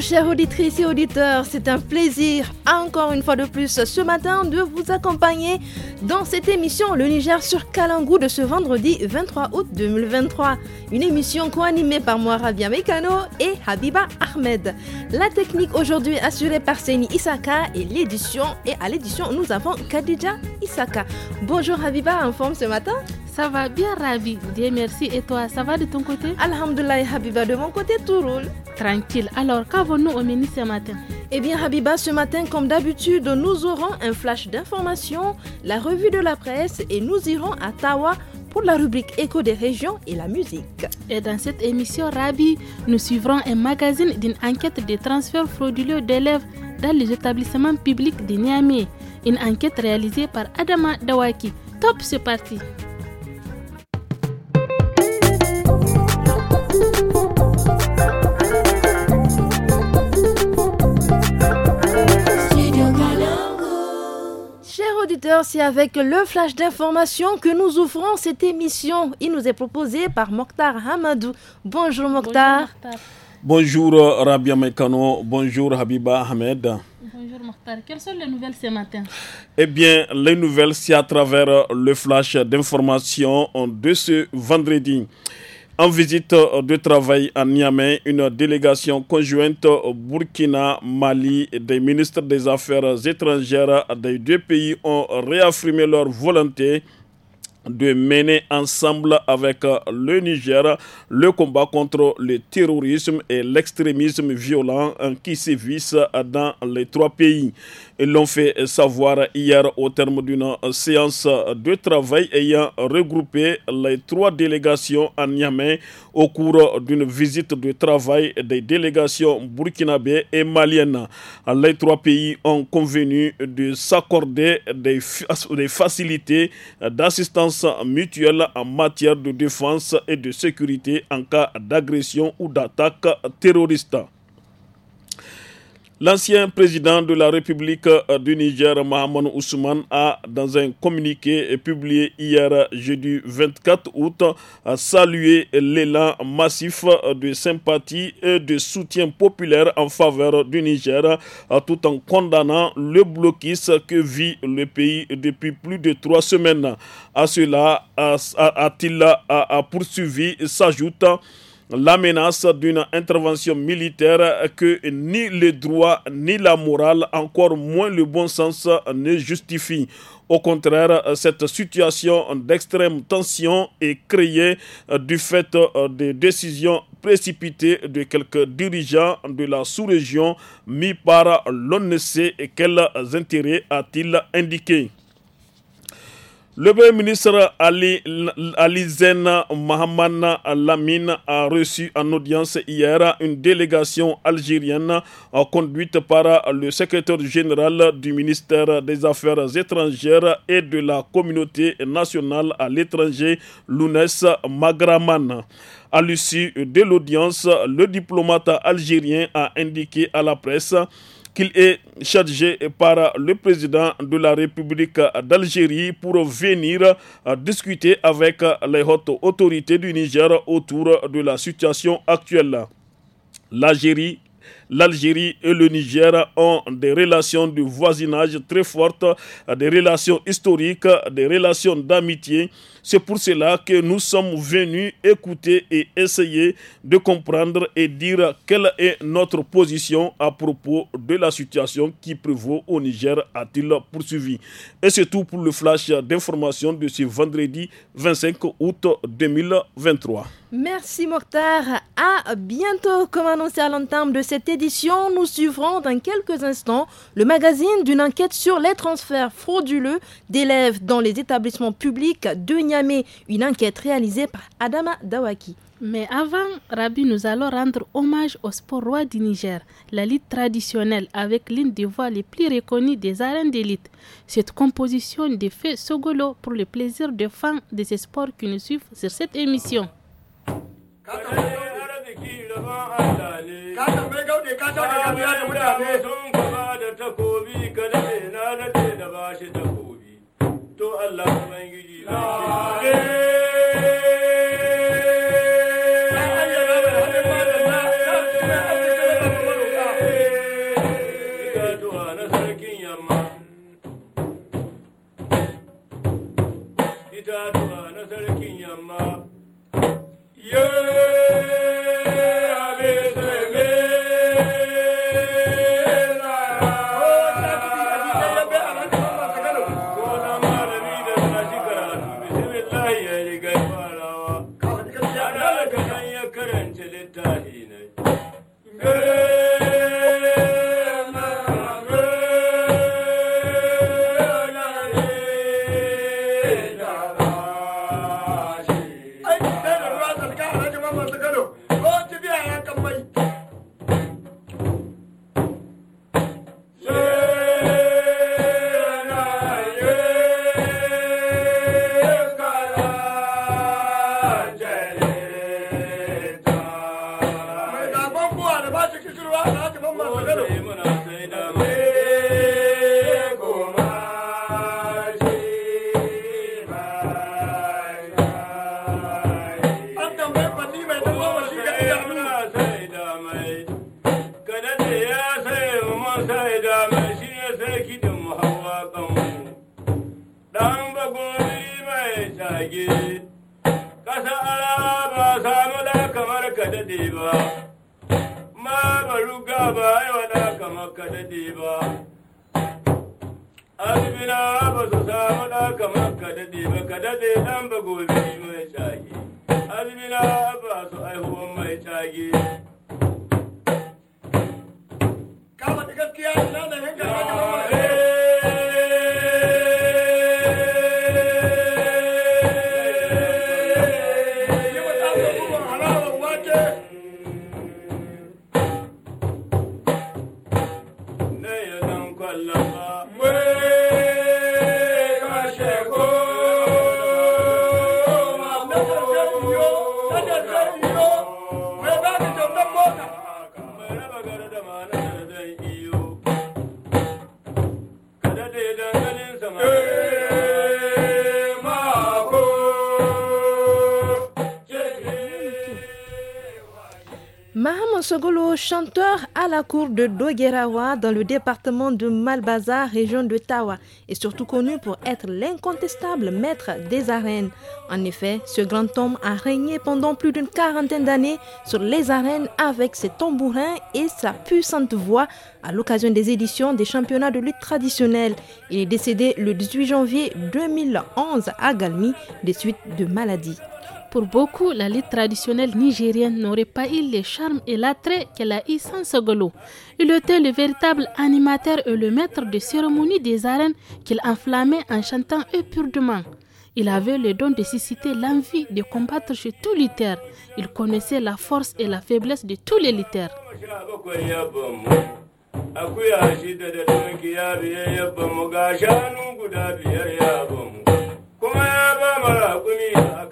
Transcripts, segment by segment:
chères auditrices et auditeurs. C'est un plaisir encore une fois de plus ce matin de vous accompagner dans cette émission Le Niger sur Kalangou de ce vendredi 23 août 2023. Une émission co-animée par moi Rabia Mekano et Habiba Ahmed. La technique aujourd'hui assurée par Seni Isaka et l'édition et à l'édition nous avons Khadija Isaka. Bonjour Habiba, en forme ce matin ça va bien, Rabi, Dieu merci. Et toi, ça va de ton côté Alhamdulillah, Habiba, de mon côté, tout roule. Tranquille. Alors, qu'avons-nous au menu ce matin eh bien Habiba, ce matin, comme d'habitude, nous aurons un flash d'informations, la revue de la presse et nous irons à Tawa pour la rubrique Écho des régions et la musique. Et dans cette émission, Rabi, nous suivrons un magazine d'une enquête des transferts frauduleux d'élèves dans les établissements publics de Niamey. Une enquête réalisée par Adama Dawaki. Top, c'est parti! c'est avec le flash d'information que nous ouvrons cette émission. Il nous est proposé par Mokhtar Hamadou. Bonjour Mokhtar. Bonjour, Rabia Mekano. Bonjour Habiba Ahmed. Bonjour Mokhtar. Quelles sont les nouvelles ce matin Eh bien, les nouvelles, c'est à travers le flash d'information de ce vendredi. En visite de travail à Niamey, une délégation conjointe Burkina-Mali et des ministres des Affaires étrangères des deux pays ont réaffirmé leur volonté de mener ensemble avec le Niger le combat contre le terrorisme et l'extrémisme violent qui sévissent dans les trois pays. Ils l'ont fait savoir hier au terme d'une séance de travail ayant regroupé les trois délégations à Niamey au cours d'une visite de travail des délégations burkinabé et maliennes. Les trois pays ont convenu de s'accorder des facilités d'assistance mutuelle en matière de défense et de sécurité en cas d'agression ou d'attaque terroriste. L'ancien président de la République euh, du Niger, Mohamed Ousmane, a, dans un communiqué publié hier jeudi 24 août, salué l'élan massif euh, de sympathie et de soutien populaire en faveur du Niger, euh, tout en condamnant le blocus que vit le pays depuis plus de trois semaines. À cela, a-t-il poursuivi, s'ajoute la menace d'une intervention militaire que ni les droits ni la morale, encore moins le bon sens ne justifient. Au contraire, cette situation d'extrême tension est créée euh, du fait euh, des décisions précipitées de quelques dirigeants de la sous-région mis par l'ONC et quels intérêts a-t-il indiqué le premier ministre Ali, Ali Zen Lamine a reçu en audience hier une délégation algérienne euh, conduite par le secrétaire général du ministère des Affaires étrangères et de la communauté nationale à l'étranger, Lounès Magraman. À l'issue de l'audience, le diplomate algérien a indiqué à la presse qu'il est chargé par le président de la République d'Algérie pour venir discuter avec les hautes autorités du Niger autour de la situation actuelle. L'Algérie l'Algérie et le Niger ont des relations de voisinage très fortes, des relations historiques, des relations d'amitié. C'est pour cela que nous sommes venus écouter et essayer de comprendre et dire quelle est notre position à propos de la situation qui prévaut au Niger, a-t-il poursuivi. Et c'est tout pour le flash d'information de ce vendredi 25 août 2023. Merci Mortar. À bientôt, comme annoncé à l'entame de cette édition nous suivrons dans quelques instants le magazine d'une enquête sur les transferts frauduleux d'élèves dans les établissements publics de Niamey, une enquête réalisée par Adama Dawaki. Mais avant, Rabi, nous allons rendre hommage au sport roi du Niger, la lutte traditionnelle avec l'une des voix les plus reconnues des arènes d'élite. Cette composition des faits Sogolo pour le plaisir des fans de ces sports qui nous suivent sur cette émission. arziki rabon Allah ne. Ka tambayi da takobi ka daɗe na daɗe da ba takobi. To Allah Ubangiji. Sogolo, chanteur à la cour de Dogerawa dans le département de Malbaza, région de Tawa, est surtout connu pour être l'incontestable maître des arènes. En effet, ce grand homme a régné pendant plus d'une quarantaine d'années sur les arènes avec ses tambourins et sa puissante voix à l'occasion des éditions des championnats de lutte traditionnelle. Il est décédé le 18 janvier 2011 à Galmi des suites de maladies. Pour beaucoup, la lutte traditionnelle nigérienne n'aurait pas eu les charmes et l'attrait qu'elle a eu sans Sogolo. Il était le véritable animateur et le maître de cérémonie des arènes qu'il enflammait en chantant purement. Il avait le don de susciter l'envie de combattre chez les terres. Il connaissait la force et la faiblesse de tous les terres. Oh, oh, oh, oh,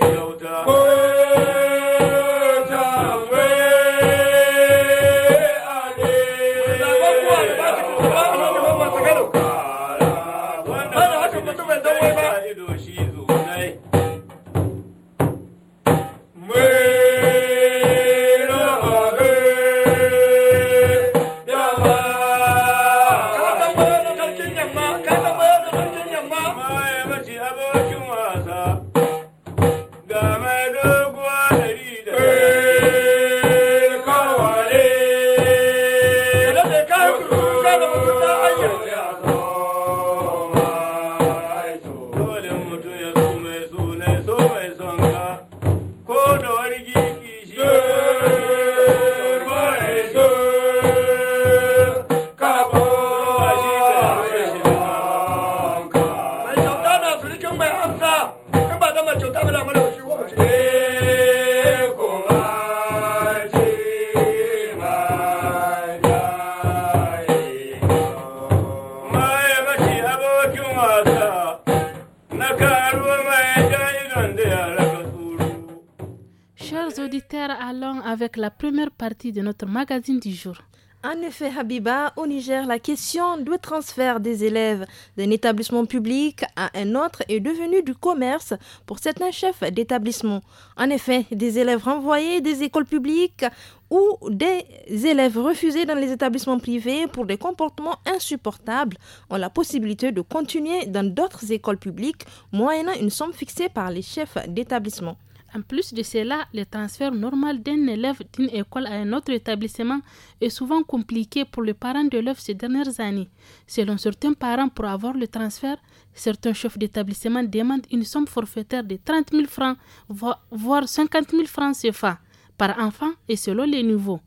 oh, oh, oh, En effet, Habiba, au Niger, la question du transfert des élèves d'un établissement public à un autre est devenue du commerce pour certains chefs d'établissement. En effet, des élèves renvoyés des écoles publiques ou des élèves refusés dans les établissements privés pour des comportements insupportables ont la possibilité de continuer dans d'autres écoles publiques moyennant une somme fixée par les chefs d'établissement. En plus de cela, le transfert normal d'un élève d'une école à un autre établissement est souvent compliqué pour les parents de l'élève ces dernières années. Selon certains parents, pour avoir le transfert, certains chefs d'établissement demandent une somme forfaitaire de 30 000 francs, voire 50 000 francs CFA par enfant et selon les niveaux.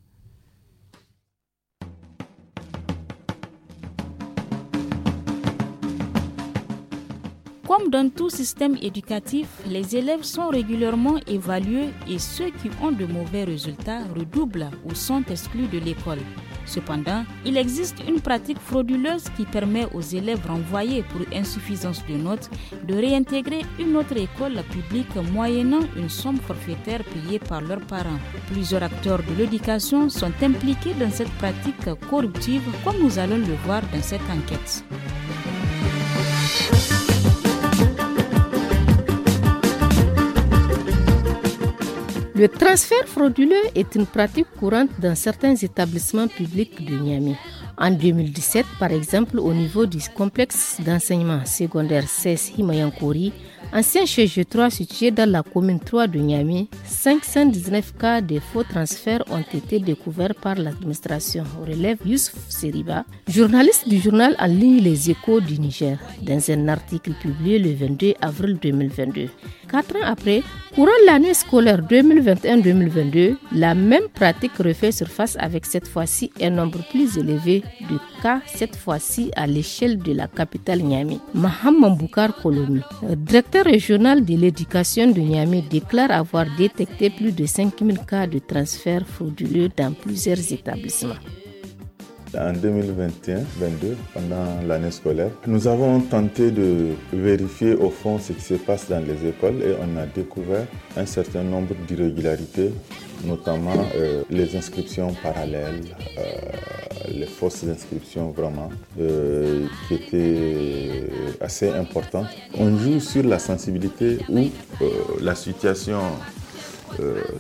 Comme dans tout système éducatif, les élèves sont régulièrement évalués et ceux qui ont de mauvais résultats redoublent ou sont exclus de l'école. Cependant, il existe une pratique frauduleuse qui permet aux élèves renvoyés pour insuffisance de notes de réintégrer une autre école publique moyennant une somme forfaitaire payée par leurs parents. Plusieurs acteurs de l'éducation sont impliqués dans cette pratique corruptive comme nous allons le voir dans cette enquête. Le transfert frauduleux est une pratique courante dans certains établissements publics de Niamey. En 2017, par exemple, au niveau du complexe d'enseignement secondaire 16 Himayankori, ancien chef 3 situé dans la commune 3 de Niamey, 519 cas de faux transferts ont été découverts par l'administration, relève Youssef Seriba, journaliste du journal en ligne Les Échos du Niger, dans un article publié le 22 avril 2022. Quatre ans après, courant l'année scolaire 2021-2022, la même pratique refait surface avec cette fois-ci un nombre plus élevé de cas, cette fois-ci à l'échelle de la capitale Niamey. Maham Boukar Kolomi, directeur régional de l'éducation de Niamey, déclare avoir détecté plus de 5000 cas de transferts frauduleux dans plusieurs établissements en 2021-22, pendant l'année scolaire. Nous avons tenté de vérifier au fond ce qui se passe dans les écoles et on a découvert un certain nombre d'irrégularités, notamment euh, les inscriptions parallèles, euh, les fausses inscriptions vraiment, euh, qui étaient assez importantes. On joue sur la sensibilité ou la situation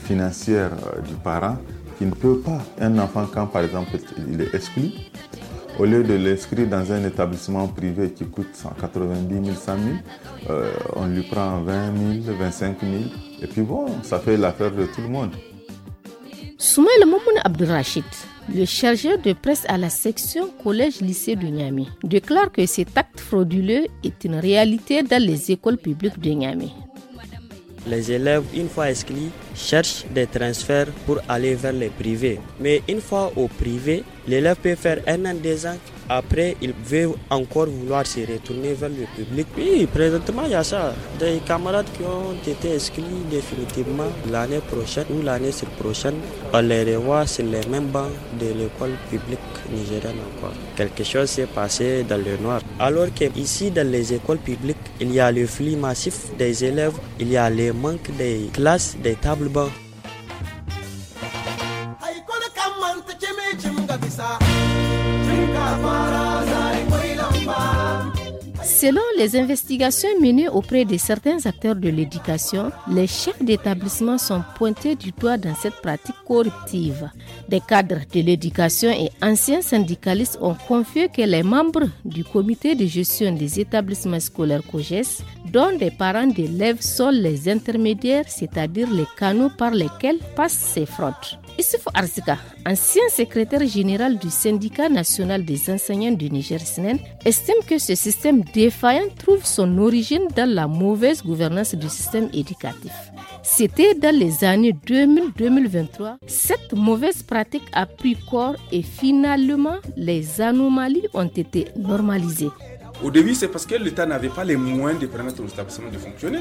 financière du parent il ne peut pas. Un enfant, quand par exemple il est exclu, au lieu de l'inscrire dans un établissement privé qui coûte 190 000, 100 000, on lui prend 20 000, 25 000, et puis bon, ça fait l'affaire de tout le monde. Soumaïl Mamoun Abdurrachid, le chargé de presse à la section collège-lycée de Niamey, déclare que cet acte frauduleux est une réalité dans les écoles publiques de Niamey. Les élèves, une fois inscrits, cherchent des transferts pour aller vers les privés. Mais une fois au privé, L'élève peut faire un an, deux ans, après il veut encore vouloir se retourner vers le public. Oui, présentement il y a ça. Des camarades qui ont été exclus définitivement l'année prochaine ou l'année prochaine, on les revoit sur les mêmes bancs de l'école publique nigérienne encore. Quelque chose s'est passé dans le noir. Alors que ici dans les écoles publiques, il y a le flux massif des élèves, il y a le manque des classes, des tables bancs. Selon les investigations menées auprès de certains acteurs de l'éducation, les chefs d'établissement sont pointés du doigt dans cette pratique corruptive. Des cadres de l'éducation et anciens syndicalistes ont confié que les membres du comité de gestion des établissements scolaires COGES, dont des parents d'élèves sont les intermédiaires, c'est-à-dire les canaux par lesquels passent ces fraudes. Yusuf Arzika, ancien secrétaire général du syndicat national des enseignants du Niger SNEN, estime que ce système défaillant trouve son origine dans la mauvaise gouvernance du système éducatif. C'était dans les années 2000-2023, cette mauvaise pratique a pris corps et finalement les anomalies ont été normalisées. Au début, c'est parce que l'État n'avait pas les moyens de permettre aux établissements de fonctionner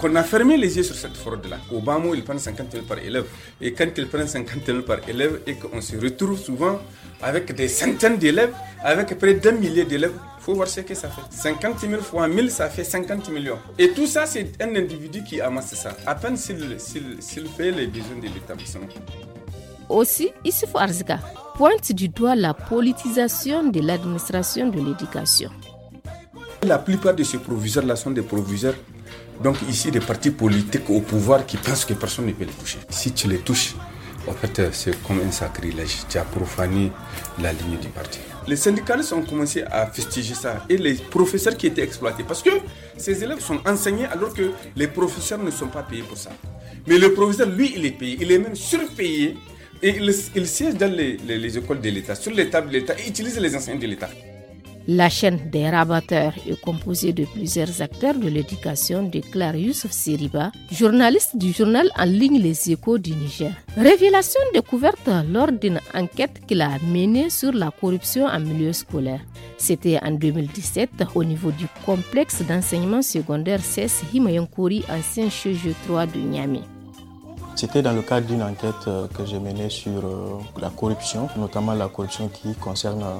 qu'on a fermé les yeux sur cette fraude-là. Au bas mot, ils prennent 50 000 par élève. Et quand ils prennent 50 000 par élève et qu'on se retrouve souvent avec des centaines d'élèves, avec près d'un millier d'élèves, il faut voir ce que ça fait. 50 000 fois 1000, ça fait 50 millions. Et tout ça, c'est un individu qui amasse ça. À peine s'il fait les besoins de l'établissement. Aussi, Issouf Arzga pointe du doigt la politisation de l'administration de l'éducation. La plupart de ces proviseurs-là sont des proviseurs, donc ici des partis politiques au pouvoir qui pensent que personne ne peut les toucher. Si tu les touches, en fait, euh, c'est comme un sacrilège. Tu as profané la ligne du parti. Les syndicalistes ont commencé à festiger ça et les professeurs qui étaient exploités parce que ces élèves sont enseignés alors que les professeurs ne sont pas payés pour ça. Mais le proviseur lui, il est payé, il est même surpayé et il, siège dans les, écoles de l'État, sur les tables de l'État et utilise les enseignants de l'État. La chaîne des rabatteurs est composée de plusieurs acteurs de l'éducation, déclare Youssef Siriba, journaliste du journal en ligne Les Échos du Niger. Révélation découverte lors d'une enquête qu'il a menée sur la corruption en milieu scolaire. C'était en 2017 au niveau du complexe d'enseignement secondaire CES Himayankuri, ancien CG3 de Niamey. C'était dans le cadre d'une enquête euh, que j'ai menée sur euh, la corruption, notamment la corruption qui concerne euh,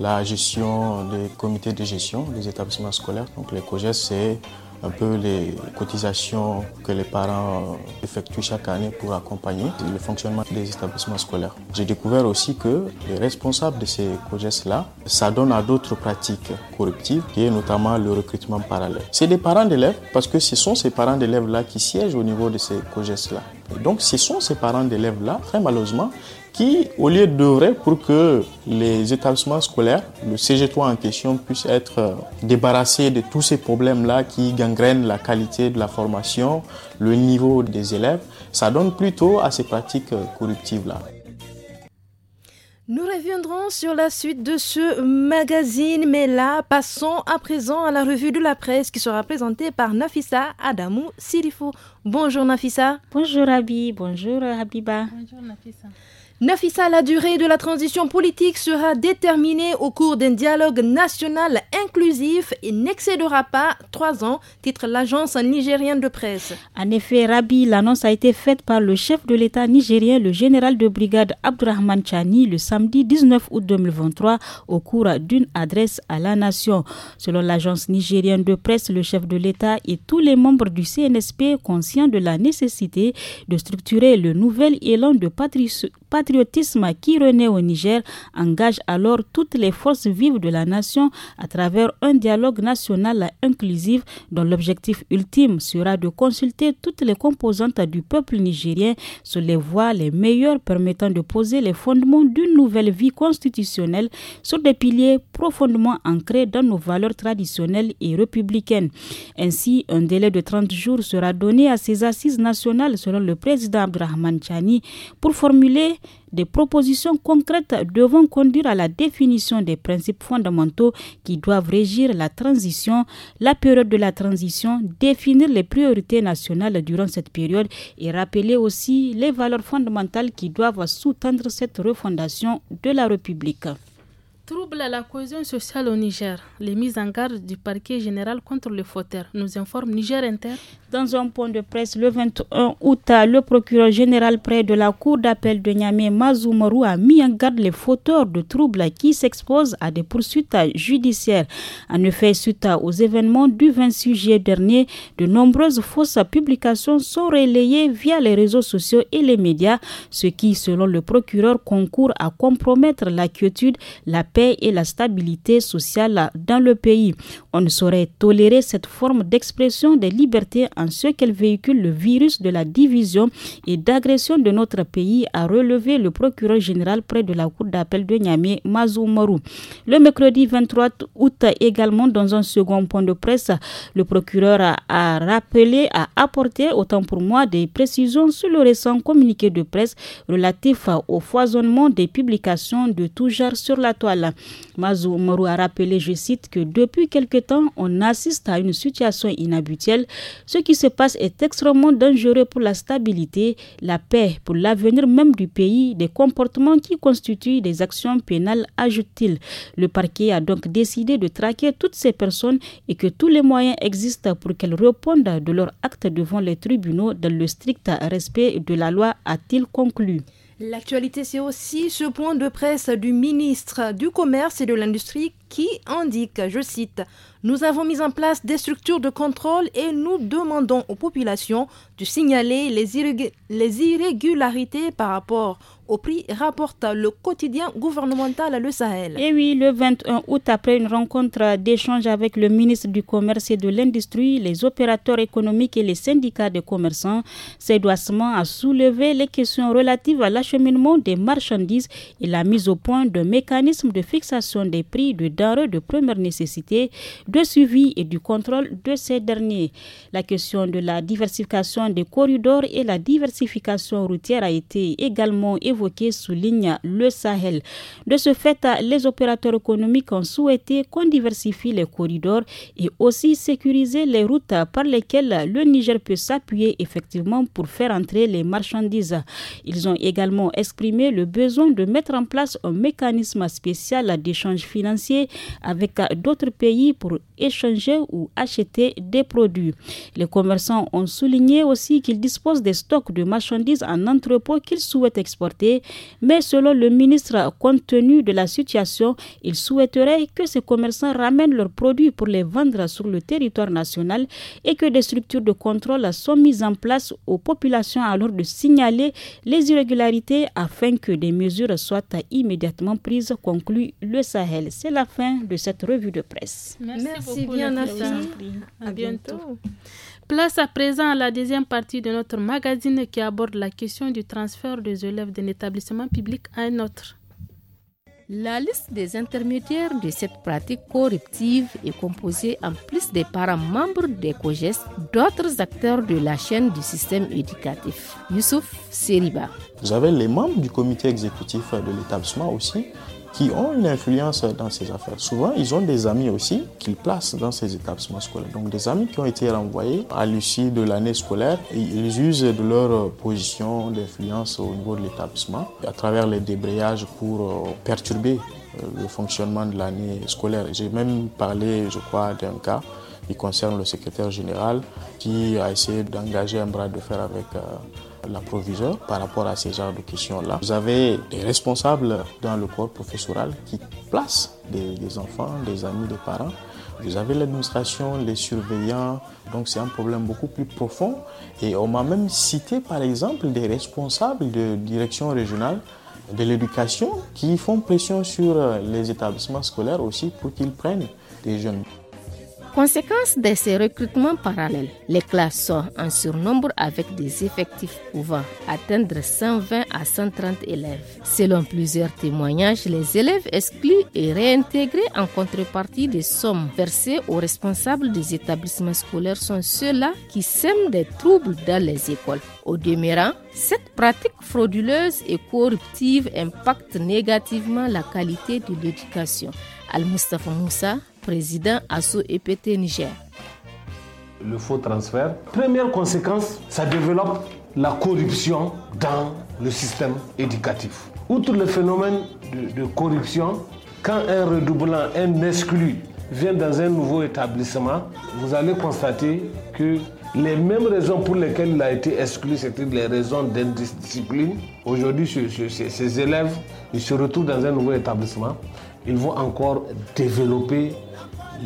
la gestion des comités de gestion des établissements scolaires. Donc les COGES, c'est un peu les cotisations que les parents euh, effectuent chaque année pour accompagner le fonctionnement des établissements scolaires. J'ai découvert aussi que les responsables de ces COGES-là s'adonnent à d'autres pratiques corruptives, qui est notamment le recrutement parallèle. C'est des parents d'élèves, parce que ce sont ces parents d'élèves-là qui siègent au niveau de ces COGES-là. Donc ce sont ces parents d'élèves-là, très malheureusement, qui, au lieu d'œuvrer pour que les établissements scolaires, le CG3 en question, puissent être euh, débarrassés de tous ces problèmes-là qui gangrènent la qualité de la formation, le niveau des élèves, ça donne plutôt à ces pratiques euh, corruptives-là. Nous reviendrons sur la suite de ce magazine, mais là, passons à présent à la revue de la presse qui sera présentée par Nafissa Adamou Sirifou. Bonjour Nafissa. Bonjour Abi, bonjour Habiba. Bonjour Nafissa. Nafissa, la durée de la transition politique sera déterminée au cours d'un dialogue national inclusif et n'excédera pas trois ans, titre l'agence nigérienne de presse. En effet, Rabi, l'annonce a été faite par le chef de l'État nigérien, le général de brigade Abdurrahman Chani, le samedi 19 août 2023, au cours d'une adresse à la nation. Selon l'agence nigérienne de presse, le chef de l'État et tous les membres du CNSP conscients de la nécessité de structurer le nouvel élan de patrice patriotisme qui renaît au Niger engage alors toutes les forces vives de la nation à travers un dialogue national inclusif dont l'objectif ultime sera de consulter toutes les composantes du peuple nigérien sur les voies les meilleures permettant de poser les fondements d'une nouvelle vie constitutionnelle sur des piliers profondément ancrés dans nos valeurs traditionnelles et républicaines. Ainsi, un délai de 30 jours sera donné à ces assises nationales selon le président Abdrahman Chani pour formuler des propositions concrètes devront conduire à la définition des principes fondamentaux qui doivent régir la transition, la période de la transition, définir les priorités nationales durant cette période et rappeler aussi les valeurs fondamentales qui doivent soutenir cette refondation de la République. Troubles à la cohésion sociale au Niger. Les mises en garde du parquet général contre les fauteurs nous informe Niger Inter. Dans un point de presse le 21 août, le procureur général près de la cour d'appel de Niamey, Mazumaru a mis en garde les fauteurs de troubles qui s'exposent à des poursuites judiciaires. En effet, suite aux événements du 26 juillet dernier, de nombreuses fausses publications sont relayées via les réseaux sociaux et les médias, ce qui, selon le procureur, concourt à compromettre la quiétude, la paix et la stabilité sociale dans le pays. On ne saurait tolérer cette forme d'expression des libertés en ce qu'elle véhicule le virus de la division et d'agression de notre pays, a relevé le procureur général près de la Cour d'appel de Niamey, Mazou Morou. Le mercredi 23 août, également dans un second point de presse, le procureur a, rappelé, a apporté, autant pour moi, des précisions sur le récent communiqué de presse relatif au foisonnement des publications de tout genre sur la toile. Mazou a rappelé, je cite, que depuis quelque temps, on assiste à une situation inhabituelle. Ce qui se passe est extrêmement dangereux pour la stabilité, la paix, pour l'avenir même du pays, des comportements qui constituent des actions pénales, ajoute-t-il. Le parquet a donc décidé de traquer toutes ces personnes et que tous les moyens existent pour qu'elles répondent de leurs actes devant les tribunaux dans le strict respect de la loi, a-t-il conclu. L'actualité, c'est aussi ce point de presse du ministre du Commerce et de l'Industrie qui indique, je cite, Nous avons mis en place des structures de contrôle et nous demandons aux populations de signaler les, irrégularités par rapport au prix, rapporte le quotidien gouvernemental le Sahel. Et eh oui, le 21 août, après une rencontre d'échange avec le ministre du Commerce et de l'Industrie, les opérateurs économiques et les syndicats de commerçants, Cédoissement a soulevé les questions relatives à l'acheminement des marchandises et la mise au point de mécanismes de fixation des prix de de première nécessité, de suivi et du contrôle de ces derniers. La question de la diversification des corridors et la diversification routière a été également évoquée, souligne le Sahel. De ce fait, les opérateurs économiques ont souhaité qu'on diversifie les corridors et aussi sécuriser les routes par lesquelles le Niger peut s'appuyer effectivement pour faire entrer les marchandises. Ils ont également exprimé le besoin de mettre en place un mécanisme spécial d'échange financier avec euh, d'autres pays pour échanger ou acheter des produits. Les commerçants ont souligné aussi qu'ils disposent des stocks de marchandises en entrepôt qu'ils souhaitent exporter, mais selon le ministre, compte tenu de la situation, ils souhaiteraient que ces commerçants ramènent leurs produits pour les vendre sur le territoire national et que des structures de contrôle soient mises en place aux populations alors de signaler les irrégularités afin que des mesures soient immédiatement prises, conclut le Sahel. C'est la fin de cette revue de presse. Merci, beaucoup, bien, À, à bientôt. Place à présent à la deuxième partie de notre magazine qui aborde la question du transfert des élèves d'un établissement public à un autre. La liste des intermédiaires de cette pratique corruptive est composée en plus des parents membres des COGES, d'autres acteurs de la chaîne du système éducatif. Youssouf Seriba. Vous avez les membres du comité exécutif de l'établissement aussi qui ont une influence dans ces affaires. Souvent, ils ont des amis aussi qu'ils placent dans ces établissements scolaires. Donc, des amis qui ont été renvoyés à l'issue de l'année scolaire, ils usent de leur position d'influence au niveau de l'établissement à travers les débrayages pour euh, perturber euh, le fonctionnement de l'année scolaire. J'ai même parlé, je crois, d'un cas qui concerne le secrétaire général qui a essayé d'engager un bras de fer avec euh, la par rapport à ces genres de questions-là. Vous avez des responsables dans le corps professoral qui placent des enfants, des amis, des parents. Vous avez l'administration, les surveillants. Donc c'est un problème beaucoup plus profond. Et on m'a même cité par exemple des responsables de direction régionale de l'éducation qui font pression sur euh, les établissements scolaires aussi pour qu'ils prennent des jeunes. Conséquence de ces recrutements parallèles, les classes sont en surnombre avec des effectifs pouvant atteindre 120 à 130 élèves. Selon plusieurs témoignages, les élèves exclus et réintégrés en contrepartie des sommes versées aux responsables des établissements scolaires sont ceux-là qui sèment des troubles dans les écoles. Au demeurant, cette pratique frauduleuse et corruptive impacte négativement la qualité de l'éducation. Al-Mustafa Moussa, président ASSO EPT Niger. Le faux transfert, première conséquence, ça développe la corruption dans le système éducatif. Outre le phénomène de, de corruption, quand un redoublant, un exclu vient dans un nouveau établissement, vous allez constater que les mêmes raisons pour lesquelles il a été exclu, c'était les raisons d'indiscipline, aujourd'hui ces élèves, ils se retrouvent dans un nouveau établissement, ils vont encore développer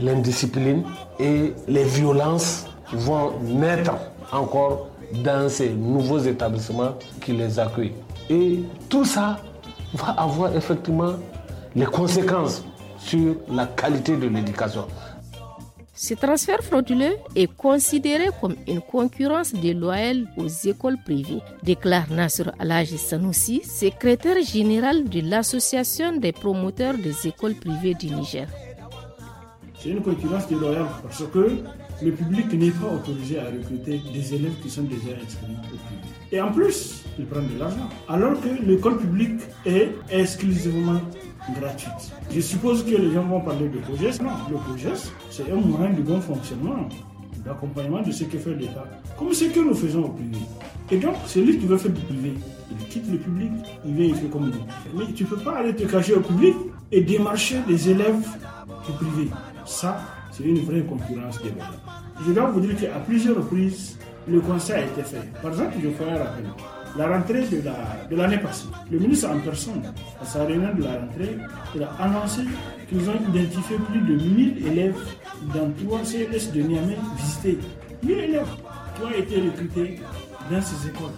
l'indiscipline et les violences vont naître encore dans ces nouveaux établissements qui les accueillent. Et tout ça va avoir effectivement les conséquences sur la qualité de l'éducation. Ce transfert frauduleux est considéré comme une concurrence déloyale aux écoles privées, déclare Nasser Al-Aji Sanoussi, secrétaire général de l'Association des promoteurs des écoles privées du Niger. C'est une concurrence déloyale parce que le public n'est pas autorisé à recruter des élèves qui sont déjà inscrits au public. Et en plus, ils prennent de l'argent. Alors que l'école publique est exclusivement gratuite. Je suppose que les gens vont parler de projet. Non, le projet, c'est un moyen de bon fonctionnement, d'accompagnement de ce que fait l'État, comme ce que nous faisons au privé. Et donc, celui qui veut faire du privé, il quitte le public, il vient, il fait comme nous. Mais tu ne peux pas aller te cacher au public et démarcher les élèves du privé. Ça, c'est une vraie concurrence des Je dois vous dire qu'à plusieurs reprises, le conseil a été fait. Par exemple, je ferai un rappel. La rentrée de, l'année passée, le ministre en personne, à sa réunion de la rentrée, a annoncé qu'ils ont identifié plus de 1000 élèves dans trois CLS de Niamey visités. 1000 élèves qui ont été recrutés dans ces écoles.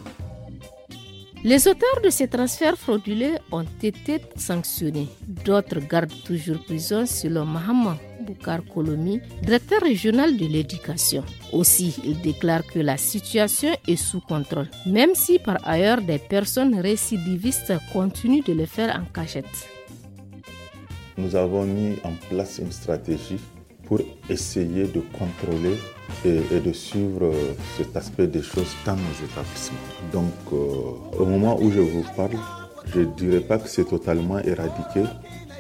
Les auteurs de ces transferts frauduleux ont été sanctionnés. D'autres gardent toujours prison selon mohammed Boukar Kolomi, directeur régional de l'éducation. Aussi, il déclare que la situation est sous contrôle, même si par ailleurs des personnes récidivistes continuent de le faire en cachette. Nous avons mis en place une stratégie pour essayer de contrôler et, de suivre euh, cet aspect des choses dans nos établissements. Donc, euh, au moment où je vous parle, je ne dirais pas que c'est totalement éradiqué,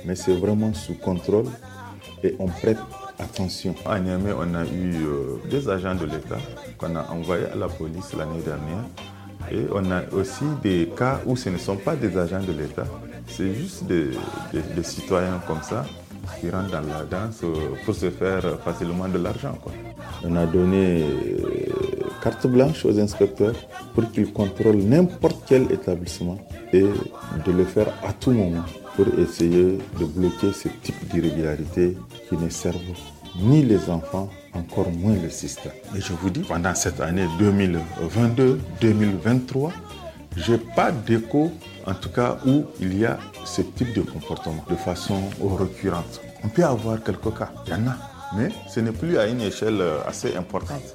mais c'est vraiment sous contrôle et on prête attention. À Niamey, on a eu euh, des agents de l'État qu'on a envoyés à la police l'année dernière. Et on a aussi des cas où ce ne sont pas des agents de l'État, c'est juste des citoyens comme ça qui rentrent dans la danse pour se faire facilement de l'argent. On a donné euh, carte blanche aux inspecteurs pour qu'ils contrôlent n'importe quel établissement et de le faire à tout moment pour essayer de bloquer ce type d'irrégularité qui ne servent ni les enfants, encore moins le système. Et je vous dis, pendant cette année 2022-2023, je n'ai pas d'écho, en tout cas, où il y a ce type de comportement de façon récurrente. On peut avoir quelques cas, il y en a, mais ce n'est plus à une échelle euh, assez importante.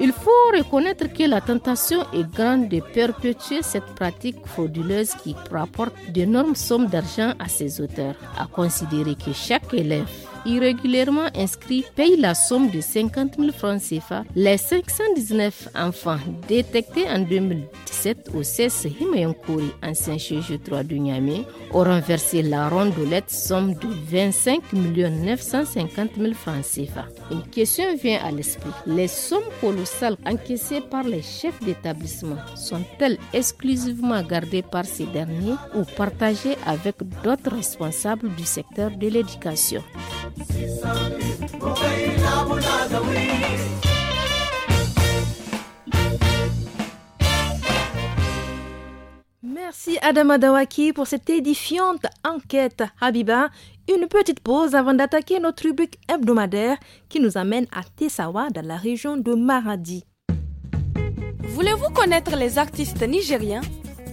Il faut reconnaître que la tentation est grande de perpétuer cette pratique frauduleuse qui rapporte d'énormes sommes d'argent à ses auteurs, à considérer que chaque élève irrégulièrement inscrits payent la somme de 50 000 francs CFA. Les 519 enfants détectés en 2017 au CES en ancien juge 3 du Niamey, auront versé la rondelette somme de 25 950 000 francs CFA. Une question vient à l'esprit. Les sommes colossales encaissées par les chefs d'établissement sont-elles exclusivement gardées par ces derniers ou partagées avec d'autres responsables du secteur de l'éducation? Merci Adama Dawaki pour cette édifiante enquête, Habiba. Une petite pause avant d'attaquer notre rubrique hebdomadaire qui nous amène à Tessawa dans la région de Maradi. Voulez-vous connaître les artistes nigériens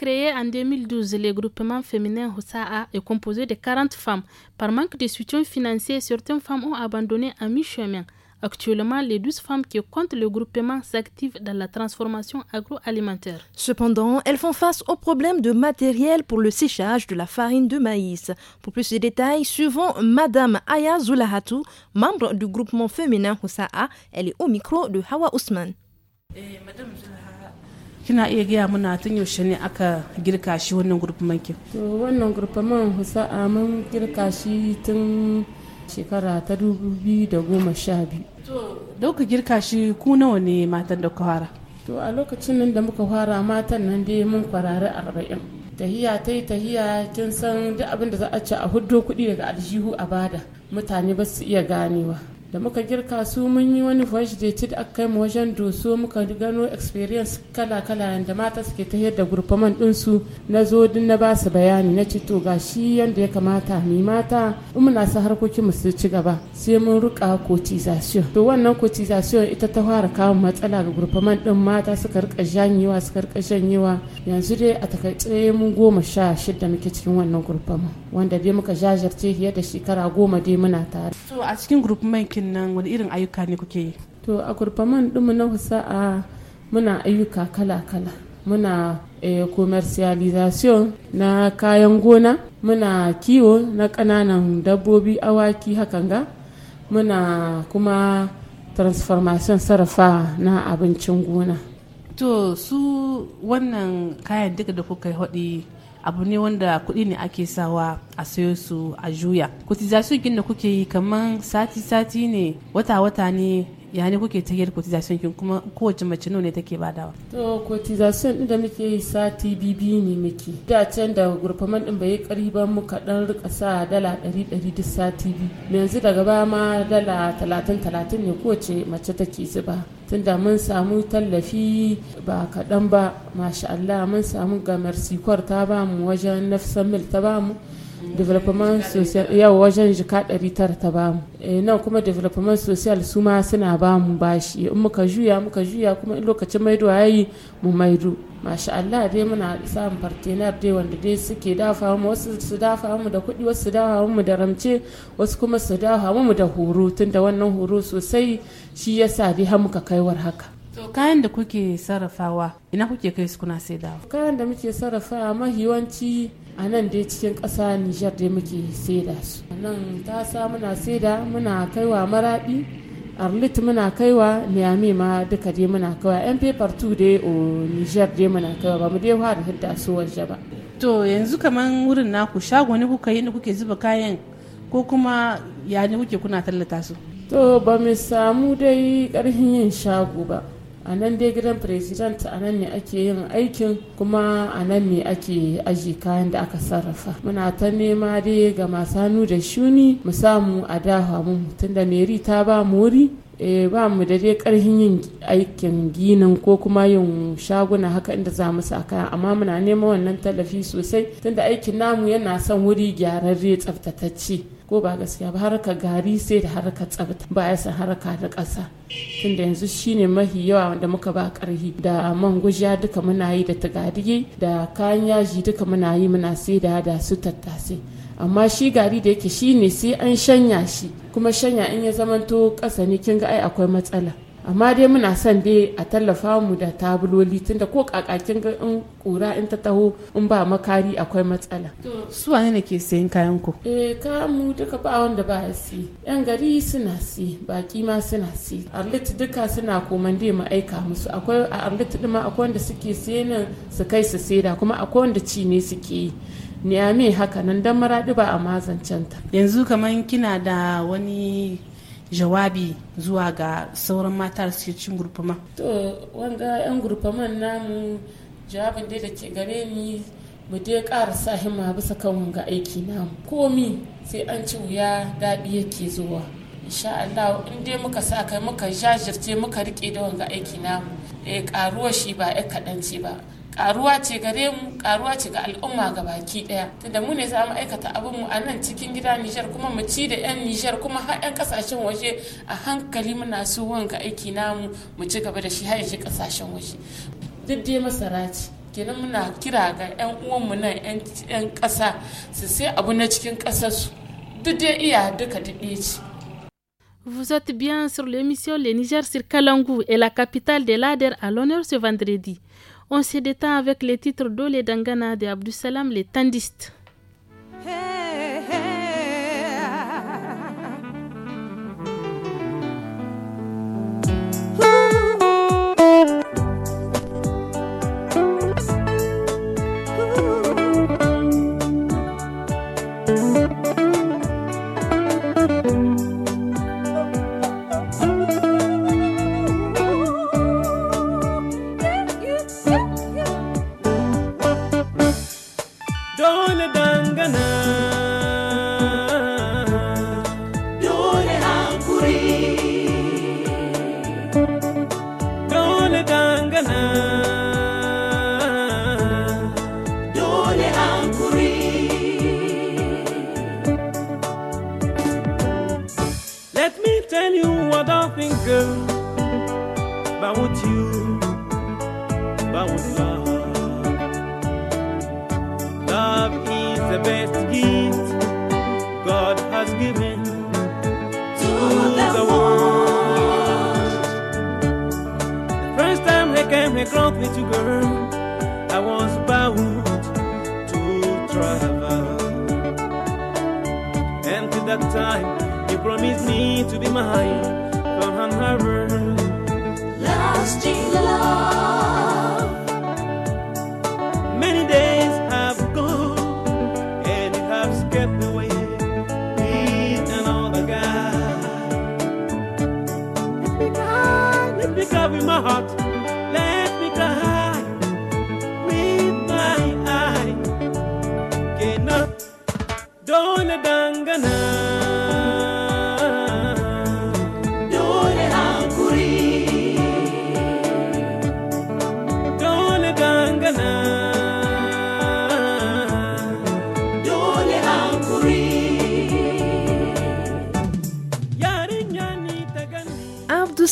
Créé en 2012, le groupement féminin Hosa'a est composé de 40 femmes. Par manque de soutien financier, certaines femmes ont abandonné à mi-chemin. Actuellement, les 12 femmes qui comptent le groupement s'activent dans la transformation agroalimentaire. Cependant, elles font face au problème de matériel pour le séchage de la farine de maïs. Pour plus de détails, suivons Madame Aya Zulahatou, membre du groupement féminin Houssa'a. Elle est au micro de Hawa Ousmane. kina iya gaya muna tun yaushe ne aka girka shi wannan gurfamankin to wannan gurfaman a mun girka shi tun shekara ta goma sha biyu. kuka girka shi ku nawa ne matan da ku fara to a lokacin nan da muka fara matan nan dai mun kwarare arba'in tahiya ta yi tahiya kin san duk abin da za a ci a huddo kuɗi daga aljihu a bada mutane ba su iya ganewa da muka girka su mun yi wani voice dated a kai mu wajen doso muka gano experience kala-kala da mata suke ta yadda gurfaman ɗinsu na zo din na basu bayani na cito ga shi yadda ya kamata mi mata in muna sa harkokin mu su ci gaba sai mun ruka cotization to wannan cotization ita ta fara kawo matsala ga gurfaman ɗin mata suka rika janyewa suka rika janyewa yanzu dai a takaice mun goma sha shida muke cikin wannan gurfaman wanda dai muka jajarce fiye da shekara goma dai muna tare. to a cikin gurfaman ki aikin nan wani irin ayyuka ne kuke yi to a kurfaman ɗinmu na husa'a muna ayyuka kala-kala muna e, commercialization na kayan gona muna kiwo na ƙananan dabbobi awaki hakan ga muna kuma transformation sarrafa na abincin gona to su wannan kayan duka da kuka haɗi abu ne wanda kuɗi ne ake sawa a sayo su a juya. su gina kuke yi kaman sati-sati ne wata-wata ne ya kuke ta yi cotization kin kuma kowace mace nawa ne take badawa to cotization din da muke yi sati bibi ne muke da can da gurfaman din bai kari ba mu kadan rika sa dala 100 duk sati Me yanzu daga ba ma dala 30 30 ne kowace mace take zuba tunda mun samu tallafi ba kaɗan ba masha Allah mun samu ga mercikwar ta bamu wajen nafsan mil ta bamu development social yau wajen jika 900 ta bamu eh, nan kuma development social su ma suna bamu bashi in muka juya muka juya kuma in lokacin maido yi mu maido masha Allah dai muna samun partenar dai wanda dai suke dafa mu wasu su dafa mu da kuɗi wasu su dafa mu da ramce wasu kuma su dafa mu da horo tunda wannan horo sosai shi yasa dai har muka kaiwar haka To kayan da kuke sarrafawa ina kuke kai su kuna dawa Kayan da muke sarrafawa mahiwanci a nan dai cikin ƙasa nijar dai muke saida su nan ta sa muna saida muna kaiwa maraɗi arlit muna kaiwa niyami ma duka dai muna kaiwa yan paper 2 dai o nijar dai muna kaiwa ba mu dai fara hidda su waje ba to yanzu kaman wurin naku shago ne kuka yi kuke zuba kayan ko kuma ya ne kuke kuna tallata su to ba mu samu dai ƙarfin yin shago ba a nan dai gidan president a nan ne ake yin aikin kuma a nan ne ake aji kayan da aka sarrafa muna ta nema dai ga masu hannu da shuni mu samu a dawa mu tunda meri ta ba Mori. Eh, ba mu da dai karhin yin aikin ginin ko kuma yin shaguna haka inda za mu saka amma muna neman wannan tallafi sosai tunda aikin namu yana son wuri gyararre tsaftatacce ko ba gaskiya ba harka gari sai da harka tsafta ba ya san harka da ƙasa tunda yanzu shine mahi yawa wanda muka ba karhi da man gujiya duka muna yi da tagadiye da kayan yaji duka muna yi muna sai da da su tattasai amma shi gari da yake shi ne sai an shanya shi kuma shanya in ya zamanto ƙasa ne kin ga ai akwai matsala amma dai muna son dai a tallafa mu da tabuloli tunda ko kin ga in kura in ta taho in ba makari akwai matsala su wane ne ke sayan kayan ku eh ka mu duka ba wanda ba ya si yan gari suna si baki ma suna si arlit duka suna komande mu aika musu akwai a arlit din ma akwai wanda suke sayan su kai su saida kuma akwai wanda ci ne suke yi me haka nan don maraɗi ba a ta. yanzu kamar kina da wani jawabi zuwa ga sauran mata su suke cin gurfama to wanda yan gurfaman namu jawabin dai da ke gare ni mu dai ƙara sa himma bisa kan ga aiki namu komi sai an ci wuya daɗi yake zuwa insha Allah in dai muka sa kai muka jajirce muka riƙe da wanga aiki namu eh ƙaruwa shi ba ya kaɗan ba karuwa ce gare mu karuwa ce ga al'umma ga baki daya tunda mu ne za mu aikata abin mu a nan cikin gida Nijar kuma mu ci da yan Nijar kuma har yan kasashen waje a hankali muna so wanga aiki namu mu ci gaba da shi har shi kasashen waje duk dai masara ce kenan muna kira ga yan mu nan yan kasa su sai abu na cikin su duk dai iya duka dade ce Vous êtes bien sur l'émission Le Niger sur Kalangou et la capitale de l'Ader à l'honneur ce vendredi. On se détend avec les titres d'Ole Dangana de Salam, les tandistes.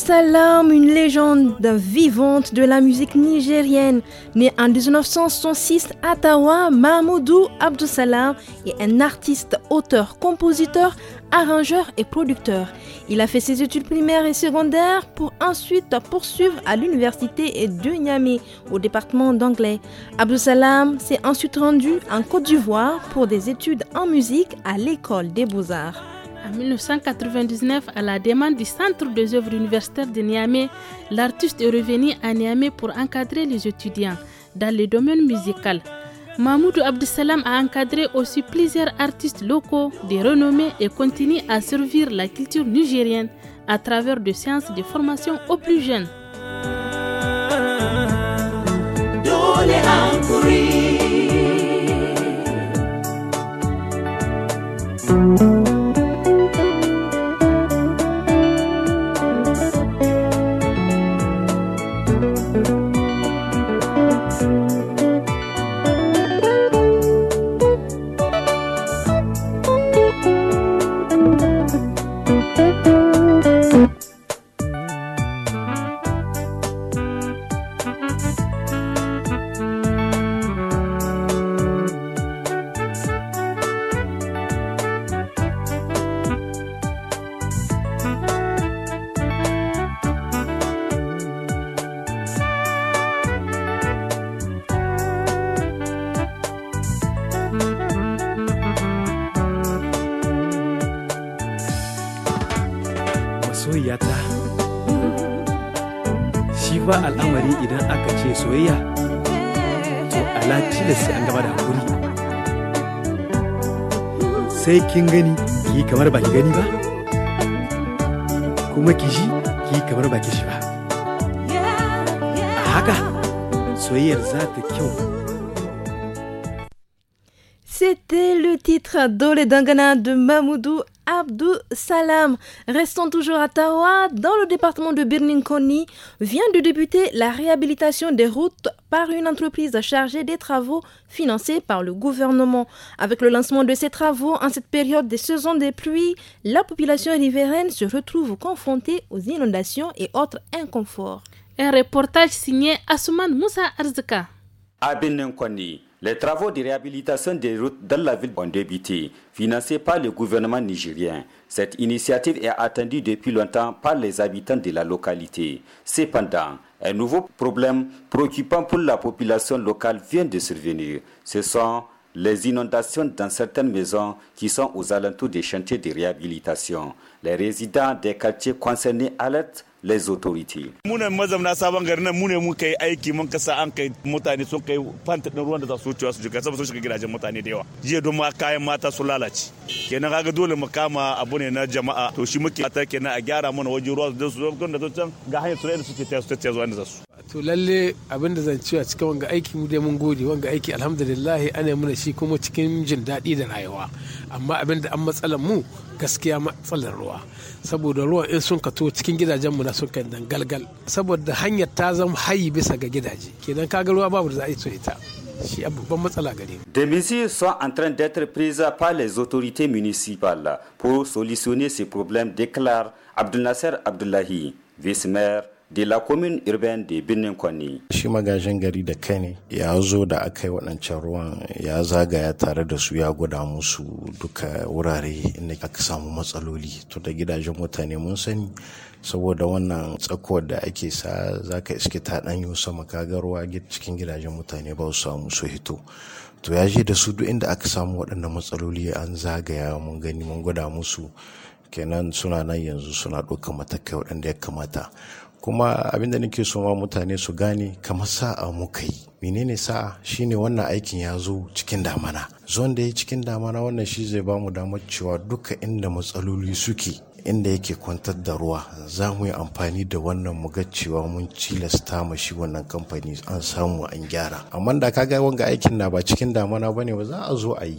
Salam, une légende vivante de la musique nigérienne. Né en 1966 à Tawa, Mahmoudou Abdusalam est un artiste, auteur, compositeur, arrangeur et producteur. Il a fait ses études primaires et secondaires pour ensuite poursuivre à l'université de Niamey au département d'anglais. Salam s'est ensuite rendu en Côte d'Ivoire pour des études en musique à l'école des beaux-arts. En 1999, à la demande du Centre des œuvres universitaires de Niamey, l'artiste est revenu à Niamey pour encadrer les étudiants dans le domaine musical. Mahmoud Abdesalam a encadré aussi plusieurs artistes locaux de renommée et continue à servir la culture nigérienne à travers des séances de formation aux plus jeunes. masoyata shi ba al'amari idan aka ce soyayya to ala sai an gaba da hakuri sai kin gani ki kamar ba ki gani ba kuma ki ji ki kamar ba ki shi ba a haka soyayyar za ta kyau C'était le titre Dole Dangana de Mamoudou Abdou Salam. restant toujours à Tawa. Dans le département de Birninkoni vient de débuter la réhabilitation des routes par une entreprise chargée des travaux financés par le gouvernement. Avec le lancement de ces travaux en cette période des saisons des pluies, la population riveraine se retrouve confrontée aux inondations et autres inconforts. Un reportage signé Asuman Moussa arzaka. À les travaux de réhabilitation des routes dans la ville ont débuté, financés par le gouvernement nigérien. Cette initiative est attendue depuis longtemps par les habitants de la localité. Cependant, un nouveau problème préoccupant pour la population locale vient de survenir. Ce sont les inondations dans certaines maisons qui sont aux alentours des chantiers de réhabilitation. Les résidents des quartiers concernés alertent les authorities. Munan mazamna sabon garin nan ne mun kai aiki mun kasa an kai mutane sun kai fanta din ruwan da za su wucewa su jika saboda sun shiga gidajen mutane da yawa. Jiya don ma kayan mata su lalace. Kenan kaga dole mu kama abu ne na jama'a to shi muke ta kenan a gyara mana wajen ruwa da su zo da zo ga hanyar su da suke ta su ta zuwa inda za su. To lalle abin da zan cewa cikin wanga aiki mu dai mun gode wanga aiki alhamdulillah ana muna shi kuma cikin jin daɗi da rayuwa amma abin da an matsalar mu gaskiya matsalar ruwa. saboda ruwan in sun ka to cikin gidajen mu na sun ka galgal saboda hanyar ta zama hayi bisa ga gidaje kenan kaga ruwa babu da za a yi ita shi babban matsala gare sont en train d'être par les autorités municipales pour solutionner ces problèmes, déclare abdulnasser Nasser Abdullahi, vice-maire de la commune urbaine de birnin kwanni shi magajin gari da kai ne ya zo da aka yi waɗancan ruwan ya zagaya tare da su ya gwada musu duka wurare inda aka samu matsaloli to da gidajen mutane mun sani saboda wannan tsakuwar da ake sa za ka iske ta ɗan yi sama kaga ruwa cikin gidajen mutane ba su samu su hito to ya je da su duk inda aka samu waɗannan matsaloli an zagaya mun gani mun gwada musu kenan suna nan yanzu suna ɗaukar matakai waɗanda ya kamata kuma abinda nake so ma mutane su gane kamar sa'a muka yi menene sa'a shine wannan aikin ya zo cikin damana zon da ya cikin damana wannan shi zai ba mu damar cewa duka inda matsaloli suke inda yake kwantar da ruwa za mu yi amfani da wannan mu ga cewa mun cilasta ma shi wannan kamfani an samu an gyara amma da ka ga wanga aikin na ba cikin damana bane ba za a zo a yi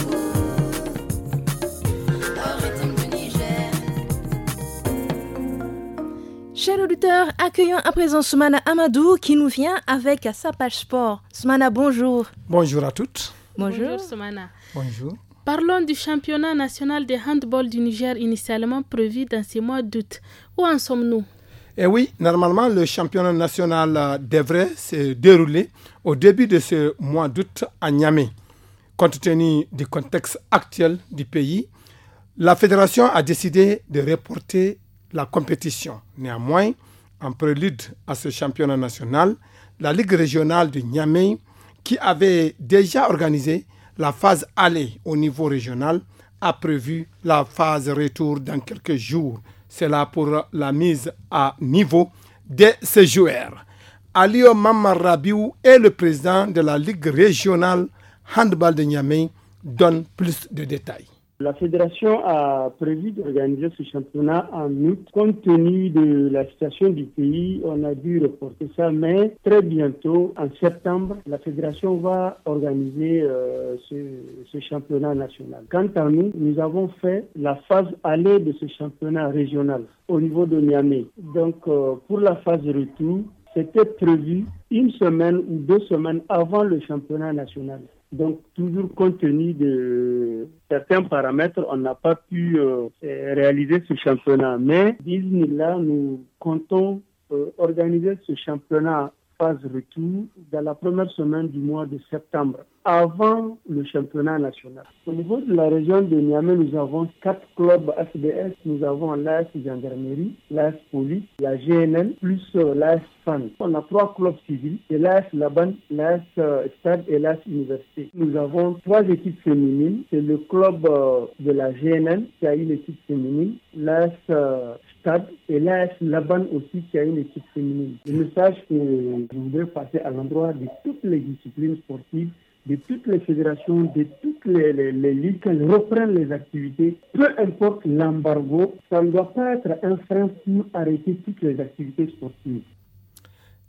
Chers auditeurs, accueillons à présent Soumana Amadou qui nous vient avec sa page sport. Soumana, bonjour. Bonjour à toutes. Bonjour. Bonjour Soumana. Bonjour. Parlons du championnat national de handball du Niger initialement prévu dans ces mois d'août. Où en sommes-nous Eh oui, normalement, le championnat national euh, devrait se dérouler au début de ce mois d'août à Niamey. Compte tenu du contexte actuel du pays, la fédération a décidé de reporter la compétition. Néanmoins, en prélude à ce championnat national, la Ligue régionale de Niamey, qui avait déjà organisé la phase aller au niveau régional, a prévu la phase retour dans quelques jours. C'est là pour la mise à niveau de ces joueurs. Alio Mamar est le président de la Ligue régionale handball de Niamey donne plus de détails. La fédération a prévu d'organiser ce championnat en août. Compte tenu de la situation du pays, on a dû reporter ça, mais très bientôt, en septembre, la fédération va organiser euh, ce, championnat national. Quant à nous, nous avons fait la phase aller de ce championnat régional au niveau de Miami. Donc, euh, pour la phase retour, c'était prévu une semaine ou deux semaines avant le championnat national. Donc, toujours compte tenu de certains paramètres, on n'a pas pu euh, réaliser ce championnat. Mais, là, nous comptons euh, organiser ce championnat retour dans la première semaine du mois de septembre, avant le championnat national. Au niveau de la région de Niamey, nous avons quatre clubs FDS. Nous avons l'AS Gendarmerie, l'AS Police, la GNN, plus euh, l'AS FAN. On a trois clubs civils, l'AS Laban, l'AS euh, Stade et l'AS Université. Nous avons trois équipes féminines. C'est le club euh, de la GNN qui a une équipe féminine, l'AS là, c'est la aussi qui a une équipe féminine. Le message que je voudrais passer à l'endroit de toutes les disciplines sportives de toutes les fédérations, de toutes les, les, ligues, qu'elles reprennent les activités, peu importe l'embargo, ça ne doit pas être un frein pour arrêter toutes les activités sportives.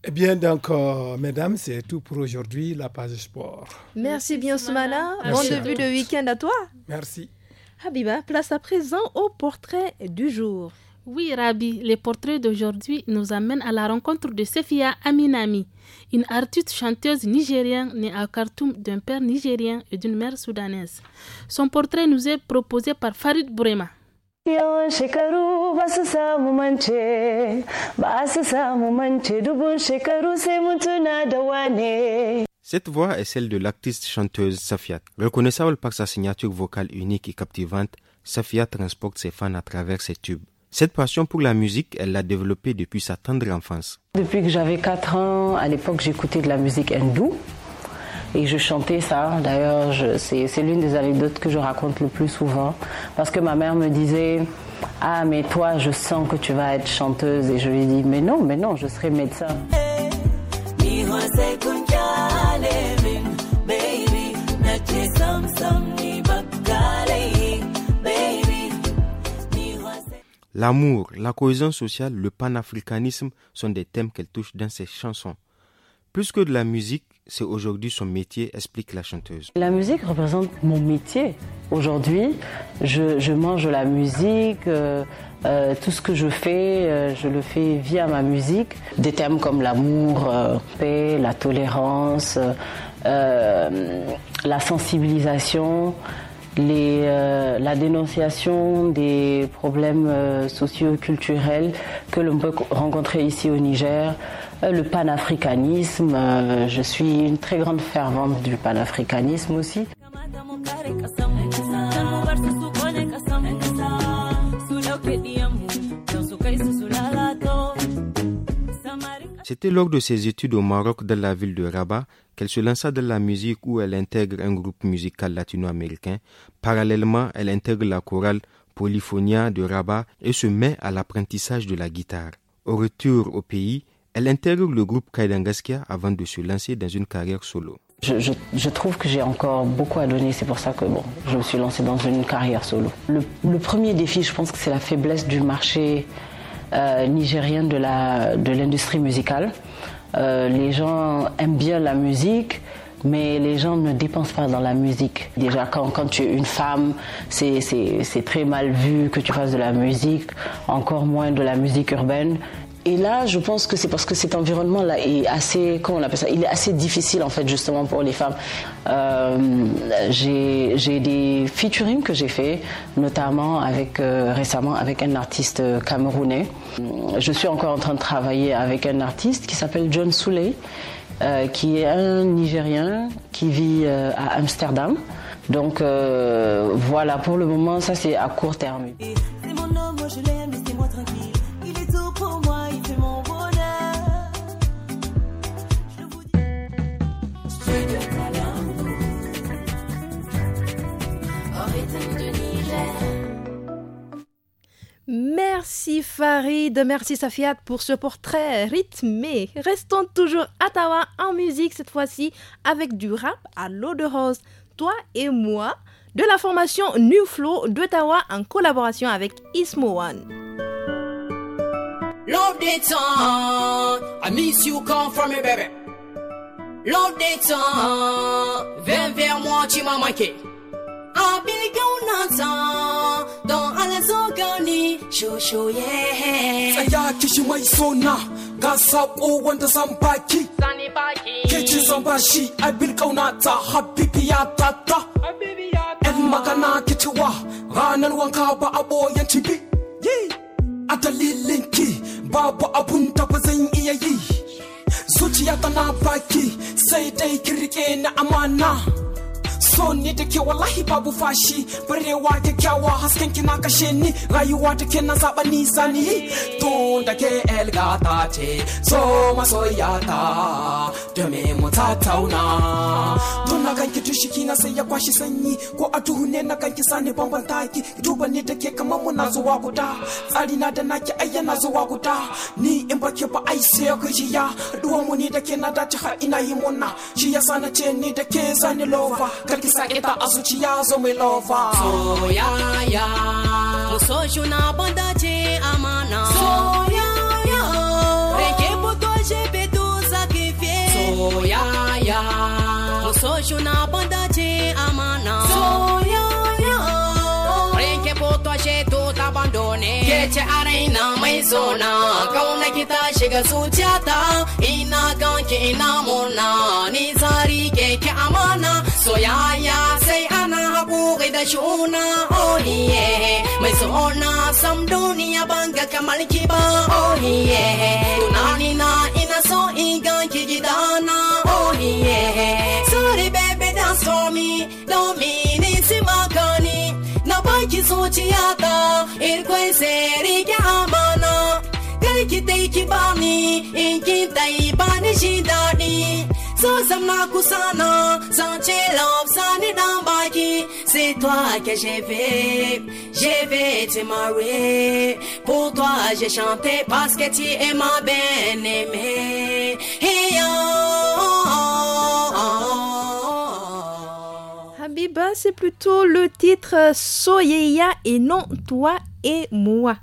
Eh bien, donc, euh, mesdames, c'est tout pour aujourd'hui, la page sport. Merci bien, Soumana. Bon début de week-end à toi. Merci. Habiba, place à présent au portrait du jour. Oui, Rabi, les portraits d'aujourd'hui nous amènent à la rencontre de Sefia Aminami, une artiste chanteuse nigérienne née à Khartoum d'un père nigérien et d'une mère soudanaise. Son portrait nous est proposé par Farid Bourema. Cette voix est celle de l'actrice chanteuse Safiat. Reconnaissable par sa signature vocale unique et captivante, Safiat transporte ses fans à travers ses tubes cette passion pour la musique, elle l'a développée depuis sa tendre enfance. Depuis que j'avais 4 ans, à l'époque, j'écoutais de la musique hindoue et je chantais ça. D'ailleurs, c'est l'une des anecdotes que je raconte le plus souvent parce que ma mère me disait Ah, mais toi, je sens que tu vas être chanteuse. Et je lui dis Mais non, mais non, je serai médecin. Eh, L'amour, la cohésion sociale, le panafricanisme sont des thèmes qu'elle touche dans ses chansons. Plus que de la musique, c'est aujourd'hui son métier, explique la chanteuse. La musique représente mon métier. Aujourd'hui, je, mange la musique, euh, euh, tout ce que je fais, euh, je le fais via ma musique. Des thèmes comme l'amour, la paix, la tolérance, la sensibilisation. Euh, la dénonciation des problèmes euh, socio-culturels que l'on peut rencontrer ici au Niger, euh, le panafricanisme. je suis une très grande fervente du panafricanisme aussi. C'était lors de ses études au Maroc dans la ville de Rabat qu'elle se lança dans la musique où elle intègre un groupe musical latino-américain. Parallèlement, elle intègre la chorale Polyphonia de Rabat et se met à l'apprentissage de la guitare. Au retour au pays, elle intègre le groupe Kaidangaskia avant de se lancer dans une carrière solo. Je, trouve que j'ai encore beaucoup à donner, c'est pour ça que bon, je me suis lancée dans une carrière solo. Le, premier défi, je pense que c'est la faiblesse du marché euh, nigérien de l'industrie musicale. Euh, les gens aiment bien la musique, mais les gens ne dépensent pas dans la musique. Déjà, quand, quand tu es une femme, c'est très mal vu que tu fasses de la musique, encore moins de la musique urbaine. Et là, je pense que c'est parce que cet environnement-là est assez, comment on appelle ça, il est assez difficile en fait justement pour les femmes. Euh, j'ai des featuring que j'ai fait, notamment avec euh, récemment avec un artiste euh, camerounais. Je suis encore en train de travailler avec un artiste qui s'appelle John Souley, qui est un Nigérien qui vit à Amsterdam. Donc voilà, pour le moment, ça c'est à court terme. Merci Farid, merci Safiat pour ce portrait rythmé. Restons toujours à Tawa en musique cette fois-ci avec du rap à l'eau de rose. Toi et moi de la formation New Flow d'Ottawa en collaboration avec Ismo One. Love des I miss you, come from me, baby. Love viens vers moi, tu m'as manqué. Ah, don Allah zo gani shosho ye tsaya kishi mai sona ga sako wanda zan baki zani baki kici zan bashi abin kauna ta habibiya ta ta yan magana kicewa ranar wanka ba a bi. cibi a dalilin ki babu abun da ba zan iya yi zuciya tana baki sai dai kirke na amana so ne da ke wallahi babu fashi barewa kyakkyawa hasken kina kashe ni rayuwa ta ke na zaɓa nisa ni tun da ke elgata ce so masoya ta me mu tauna tun na kanki tushi na sai ya kwashi sanyi ko a duhu ne na kanki sani bambanta ki duba ni da ke kamar muna zuwa guda tsari na da naki ayyana zuwa guda ni in baki ba ai sai ya ya duwan mu ni da ke na dace har ina yi muna shi yasa na ce ni da ke zani lova karki kisa kita a zuciya zo mai lova soyaya ku so shuna banda ce amana soyaya reke buto jebe So ya ya, o so shuna banda che amana So ya soyaya reke buto je du abandone ke ce a raina mai zona kauna kita shiga zuciyata ina ganki ina mona ni soyayya say ana haƙuri da shuna ohiye mai sona sam duniya banga kamar ki ba ohiye tunani na ina so in ganki gidana ohiye sorry baby dance for me domin isi na baki zuciyata in kwai sai rike amana kar ki dai ki bani C'est toi que j'ai vu J'ai vu te marié. Pour toi j'ai chanté Parce que tu es ma bien-aimée oh, oh, oh, Habiba, c'est plutôt le titre Soyeya et non Toi et moi.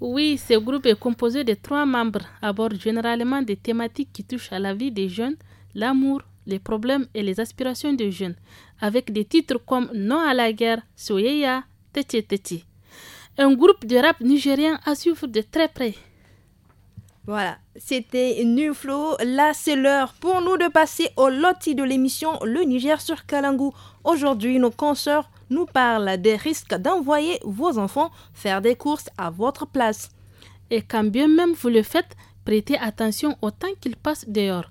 Oui, ce groupe est composé de trois membres, aborde généralement des thématiques qui touchent à la vie des jeunes, l'amour, les problèmes et les aspirations des jeunes, avec des titres comme Non à la guerre, Soyeya, Tete Teti. Un groupe de rap nigérien à suivre de très près. Voilà, c'était Nuflo. Là, c'est l'heure pour nous de passer au loti de l'émission Le Niger sur Kalangu. Aujourd'hui, nos consoeurs nous parlent des risques d'envoyer vos enfants faire des courses à votre place. Et quand bien même vous le faites, prêtez attention au temps qu'ils passent dehors.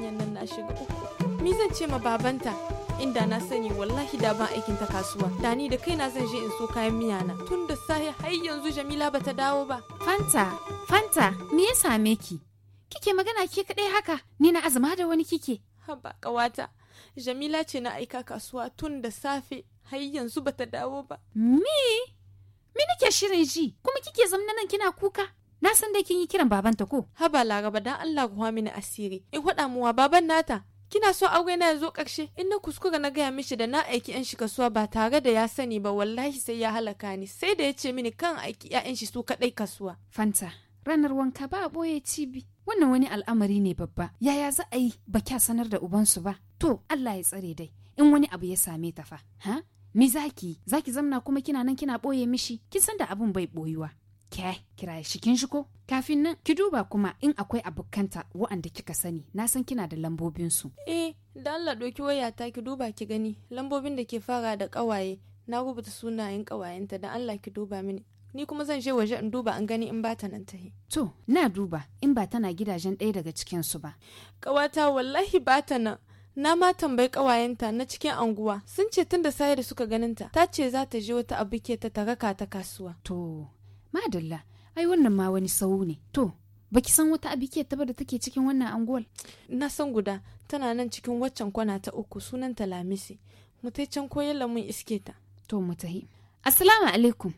a shiga uku mi zan ce ma babanta inda na sani wallahi da ban aikin ta kasuwa da ni da kaina zan je in so kayan miya na tun da sai har yanzu Jamila bata dawo ba Fanta Fanta me ya same ki kike magana ke kadai haka ni na azuma da wani kike haba kawata Jamila ce na aika kasuwa tun da safe har yanzu bata dawo ba me me nake shirin ji kuma kike zamna nan kina kuka Na san dai kin yi kiran babanta ko? Haba Laraba dan Allah ruwa mini asiri. In faɗa muwa baban nata. Kina so aure na zo ƙarshe in na kuskura na gaya mishi da na aiki yan shi kasuwa ba tare da ya sani ba wallahi sai ya halaka ni sai da ya ce mini kan aiki ƴaƴan shi su kaɗai kasuwa. Fanta ranar wanka ba a ɓoye cibi. Wannan wani al'amari ne babba. Yaya za a yi ba kya sanar da ubansu ba? To Allah ya tsare dai in wani abu ya same ta fa. Ha? Mi zaki? Zaki zamna kuma kina nan kina ɓoye mishi? Kin san da abun bai ɓoyuwa. ke kiraye kin shigo kafin nan ki duba kuma in akwai abokanta wa'anda kika sani na san kina da lambobinsu eh da Allah ɗauki wayata ki duba ki gani lambobin da ke fara da kawaye na rubuta sunayen ƙawayenta da Allah ki duba mini ni kuma zan je waje in duba an gani in ba ta nan tahi. To, na duba in ba tana gidajen ɗaya daga cikinsu ba. kawata wallahi ba ta nan. Na ma tambayi kawayenta na cikin anguwa sun ce tun da sayar suka ganinta ta ce za ta je wata abu ke ta taraka ta kasuwa. To, madalla ai wannan ma wani sau ne to baki san wata abikiyar taba da take cikin wannan anguwar na san guda tana nan cikin waccan kwana ta uku sunan ta lamisi mutai can koyar da iske ta to mutahi assalamu alaikum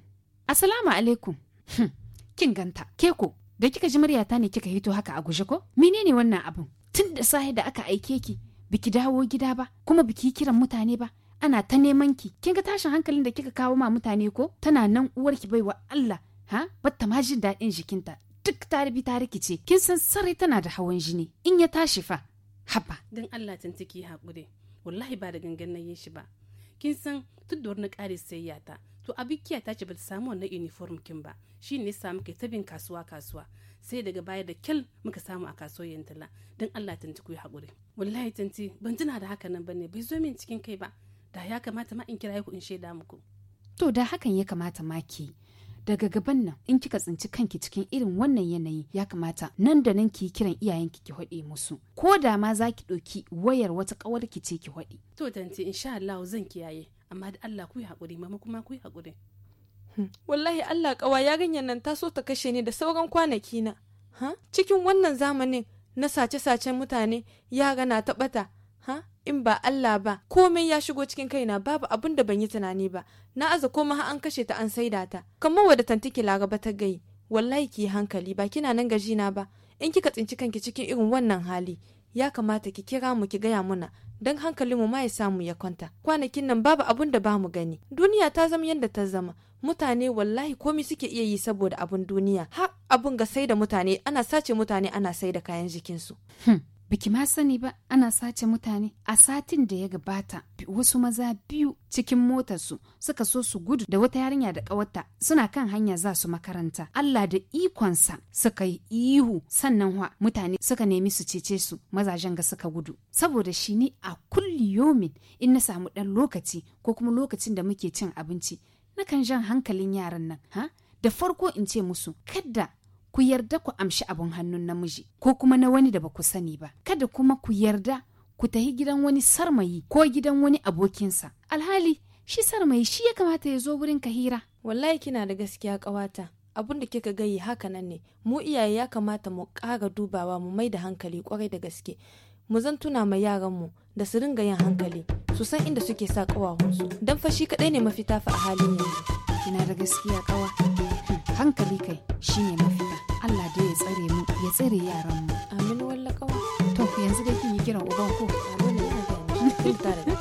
assalamu alaikum hm, kin ganta ke ko da kika ji muryata ne kika hito haka a guje ko menene wannan abun tun da sahi da aka aike ki biki dawo gida ba kuma biki kiran mutane ba ana ta neman ki kin ga tashin hankalin da kika kawo ma mutane ko tana nan uwarki baiwa Allah ha batta ma jin daɗin jikinta duk ta ta rikice kin san sarai tana da hawan jini in ya tashi fa haba dan Allah tantiki hakuri wallahi ba da gangan yin shi ba kin san tudduwar na ƙare sayayya ta to abikiya ta ce ba ta samu wannan uniform kin ba shi ne samu kai ta bin kasuwa kasuwa sai daga baya da kyal muka samu a kasuwar tala dan Allah tanti ku wallahi tanti ban tuna da haka nan bane bai zo min cikin kai ba da ya kamata ma in kira ku in shaida muku to da hakan ya kamata ma ki daga gaban nan in kika tsinci kanki cikin irin wannan yanayi ya kamata nan da nan ki kiran iyayenki ki haɗe musu ko da ma za ki ɗauki wayar wata ƙawar ki ce ki haɗe. to tante insha Allah zan kiyaye amma da Allah ku yi haƙuri mama kuma ku yi haƙuri. Hmm. wallahi Allah ƙawa yarinyar nan ta so ta kashe ni da sauran kwanaki na cikin wannan zamanin na sace-sacen mutane yara na ɓata ha in ba Allah ba komai ya shigo cikin kaina babu abin da ban yi tunani ba na aza koma har an kashe ta an saida ta kamar wadda tantiki laraba ta gai wallahi ki hankali ba kina nan gaji na ba in kika tsinci kanki cikin irin wannan hali ya kamata ki kira mu ki gaya muna don hankalinmu ma ya samu ya kwanta kwanakin nan babu abun da bamu gani duniya ta zama yadda ta zama mutane wallahi komai suke iya yi saboda abun duniya ha abun ga sai da mutane ana sace mutane ana sai da kayan jikinsu. Hmm. biki ma sani ba ana sace mutane a satin da ya gabata wasu maza biyu cikin motarsu suka so su gudu da wata yarinya da ƙawarta suna kan hanya za su makaranta Allah da ikonsa suka yi ihu sannan wa mutane suka nemi su cece su mazajen ga suka gudu saboda shi ne a kulli yomin in na samu ɗan lokaci ko kuma lokacin da muke cin abinci na kan jan hankalin yaran nan ha da farko in ce musu kadda. ku yarda ku amshi abin hannun namiji ko kuma na wani da ba ku sani ba kada kuma ku yarda ku tahi gidan wani sarmayi ko gidan wani abokinsa alhali shi sarmayi shi ya kamata ya zo wurin ka hira wallahi kina da gaskiya kawata abun da kika gayi haka nan ne mu iyaye ya kamata mu ƙara dubawa mu mai da hankali kwarai da gaske mu zan tuna ma yaranmu da su ringa yin hankali su san inda suke sa ƙawahunsu Dan fashi kaɗai ne mafita fa a halin yanzu na da gaskiya kawa hankali kai shine mafita Allah dai ya tsare mu ya tsare yaran mu amin walla kawa to yanzu dai kin yi kiran uban ko a dole ina da mu tare da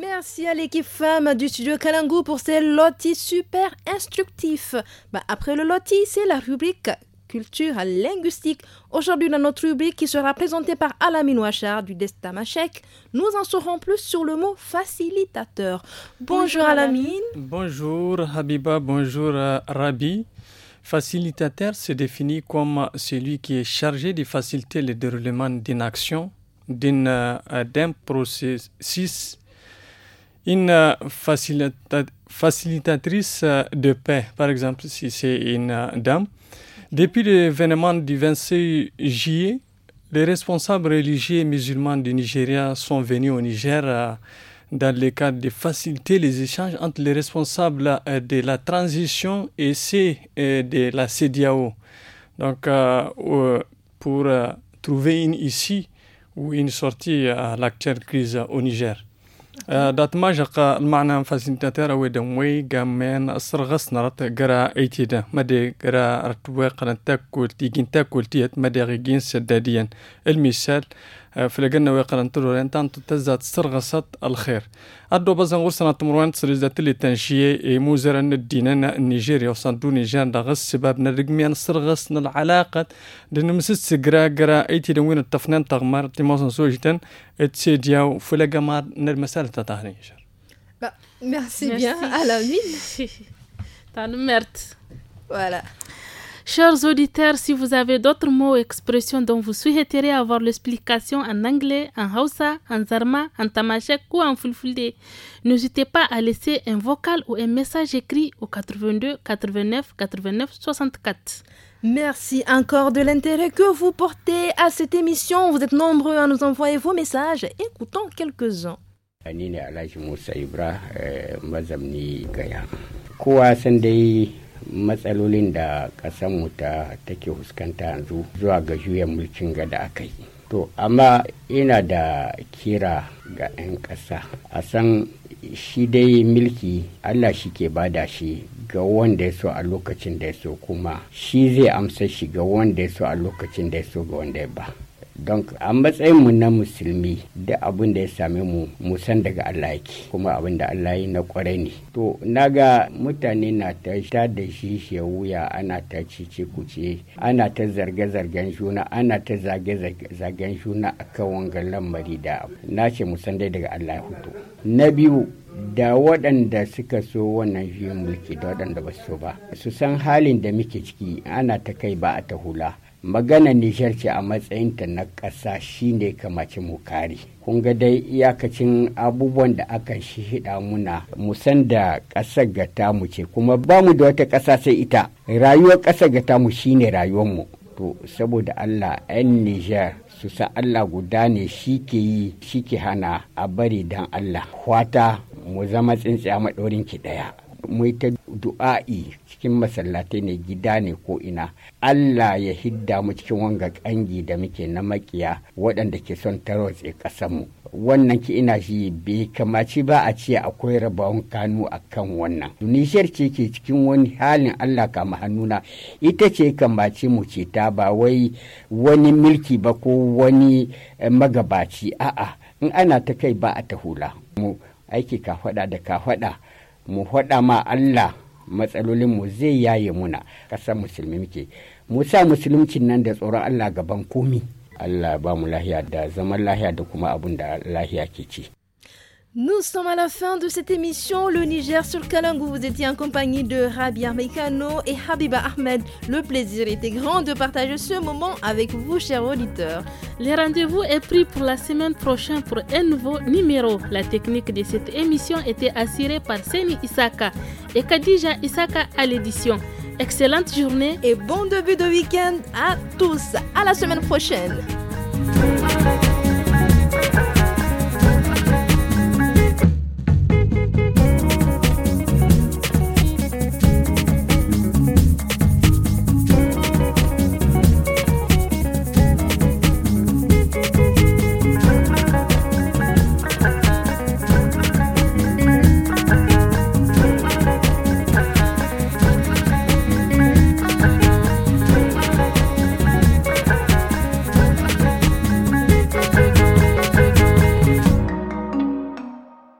merci à l'équipe femme du studio Kalangu pour ces lotis super instructifs. Bah, après le loti, c'est la rubrique culture linguistique. Aujourd'hui, dans notre rubrique qui sera présentée par Alamin Ouachar du Destamachek, nous en saurons plus sur le mot facilitateur. Bonjour, Alamine. Bonjour Habiba, bonjour euh, Rabi. Facilitateur se définit comme celui qui est chargé de faciliter le déroulement d'une action, euh, d'un processus. Une euh, facilitatrice de paix, par exemple, si c'est une dame, depuis l'événement du 26 juillet, les responsables religieux et musulmans du Nigeria sont venus au Niger euh, dans le cadre de faciliter les échanges entre les responsables euh, de la transition et ceux euh, de la CDAO. Donc, pour trouver une issue ou une sortie à l'actuelle crise au Niger. دات ماجق المعنى فاسين تاتيرا دم وي قامين السرغس نرات قرا ايتيدا مدي قرا رتوي قرن تاكل تيجين تاكل تيت مدي غيجين سدادين المثال في الجنة ويقال أن ترى أن تزات سرغصت الخير أدو بزن غرسنا تمروان تسريزة اللي تنشيه إي موزر أن الدينة النيجيريا وصان دو نيجان دا غس أن سرغصنا العلاقة دي نمسيس سقرا قرا أي تدوين التفنان تغمار تيموزن سوجتا اتسيدياو في لجنة نرمسالة تطهري نيجير ميرسي بيان على مين تعلم مرت ولا Chers auditeurs, si vous avez d'autres mots ou expressions dont vous souhaiteriez avoir l'explication en anglais, en hausa, en zarma, en tamashek ou en fulfulde, n'hésitez pas à laisser un vocal ou un message écrit au 82 89 89 64. Merci encore de l'intérêt que vous portez à cette émission. Vous êtes nombreux à nous envoyer vos messages. Écoutons quelques-uns. Eh, mazamni gaya matsalolin da ƙasanmu ta take fuskanta yanzu zuwa ga juyan mulkin ga da aka yi to amma ina da kira ga 'yan ƙasa a san shi dai milki allah shi ke bada shi ga wanda ya so a lokacin da ya so kuma shi zai amsa shi ga wanda ya so a lokacin da ya so ga wanda ya ba don a matsayinmu na musulmi da abin da ya same mu musan daga Allah yake kuma abin da Allah yi na kwarai ne to naga mutane na ta da shi wuya ana ta cice kuce ana ta zarge-zargen juna ana ta zage-zagen juna akan wangan lamari da na ce musan dai daga Allah ya hutu na biyu da waɗanda suka so wannan juyin mulki da waɗanda ba su so ba su san halin da muke ciki ana ta kai ba a ta hula magana Nijar ce a matsayinta na ƙasa shine kamace mu kare. Kun ga dai iyakacin abubuwan da aka shi hida muna musan da ƙasar ga tamu ce kuma ba mu da wata ƙasa sai ita. Rayuwar ƙasar ga tamu shine rayuwarmu. To saboda Allah 'yan Nijar su sa Allah guda ne shi ke yi shi ke hana a bari dan Allah. Kwata, mu zama tsintsiya maɗaurin ki ɗaya. mu ta du'a'i cikin masallatai ne gida ne ko ina Allah ya hidda mu cikin wanga kangi da muke na makiya waɗanda ke son tarotse ƙasar mu wannan ki ina shi bai kamaci ba a ce akwai rabawan kanu a kan wannan Tunishiyar ce ke cikin wani halin Allah kama hannuna ita ce kamaci mu ce ta ba wai wani mulki ba ko wani eh, magabaci a'a in ana ta kai ba a ta hula mu aiki ka faɗa da ka faɗa mu faɗa ma Allah matsalolinmu zai yaye muna ƙasar musulmi muke mu sa musulunci nan da tsoron Allah gaban komi Allah ba mu lahiya da zaman lahiya da kuma abun da lahiya ke ci Nous sommes à la fin de cette émission Le Niger sur Kalangou. Vous étiez en compagnie de Rabia Mekano et Habiba Ahmed. Le plaisir était grand de partager ce moment avec vous, chers auditeurs. Le rendez-vous est pris pour la semaine prochaine pour un nouveau numéro. La technique de cette émission était assurée par Seni Isaka et Kadija Isaka à l'édition. Excellente journée et bon début de week-end à tous. À la semaine prochaine.